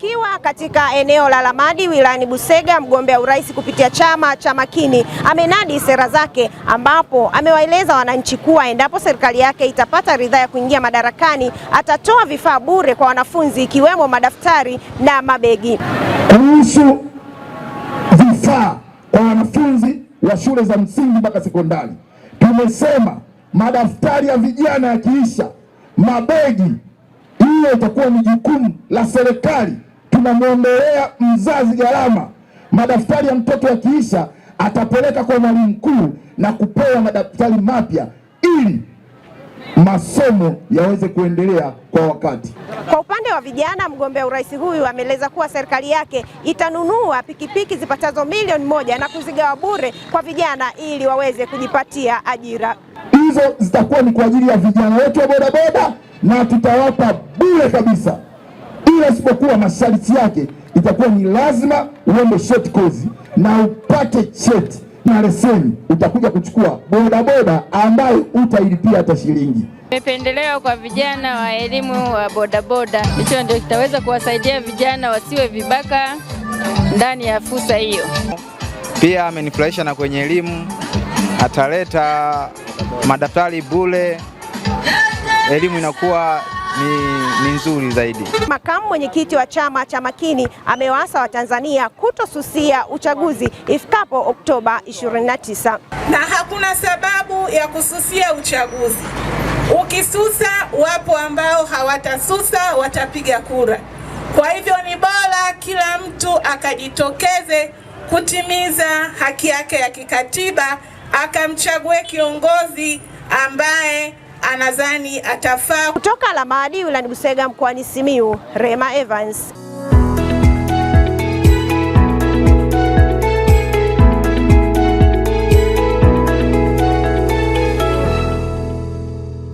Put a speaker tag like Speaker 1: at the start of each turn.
Speaker 1: Akiwa katika eneo la Lamadi wilayani Busega, mgombea urais kupitia chama cha Makini amenadi sera zake, ambapo amewaeleza wananchi kuwa endapo serikali yake itapata ridhaa ya kuingia madarakani atatoa vifaa bure kwa wanafunzi ikiwemo madaftari na mabegi.
Speaker 2: Kuhusu vifaa kwa wanafunzi wa shule za msingi mpaka sekondari, tumesema madaftari ya vijana yakiisha, mabegi, hiyo itakuwa ni jukumu la serikali tunamwondolea mzazi gharama. Madaftari ya mtoto yakiisha, atapeleka kwa mwalimu mkuu na kupewa madaftari mapya ili masomo yaweze kuendelea kwa wakati.
Speaker 1: Kwa upande wa vijana, mgombea urais huyu ameeleza kuwa serikali yake itanunua pikipiki zipatazo milioni moja na kuzigawa bure kwa vijana ili waweze kujipatia ajira.
Speaker 2: Hizo zitakuwa ni kwa ajili ya vijana wetu wa bodaboda na tutawapa bure kabisa bila isipokuwa masharti yake itakuwa ni lazima uende short course na upate cheti na leseni, utakuja kuchukua bodaboda ambayo utailipia hata shilingi.
Speaker 3: Imependelewa kwa vijana wa elimu wa bodaboda, hicho ndio kitaweza kuwasaidia vijana wasiwe vibaka ndani ya fursa hiyo.
Speaker 4: Pia amenifurahisha na kwenye elimu, ataleta madaftari bure, elimu inakuwa ni, ni nzuri zaidi.
Speaker 1: Makamu mwenyekiti wa chama cha Makini amewaasa Watanzania kutosusia uchaguzi ifikapo Oktoba 29.
Speaker 5: Na hakuna sababu ya kususia uchaguzi. Ukisusa, wapo ambao hawatasusa, watapiga kura. Kwa hivyo ni bora kila mtu akajitokeze kutimiza haki yake ya kikatiba akamchague kiongozi ambaye anadhani atafaa.
Speaker 1: Kutoka Lamadi wilani Busega mkoani simiu Rema Evans.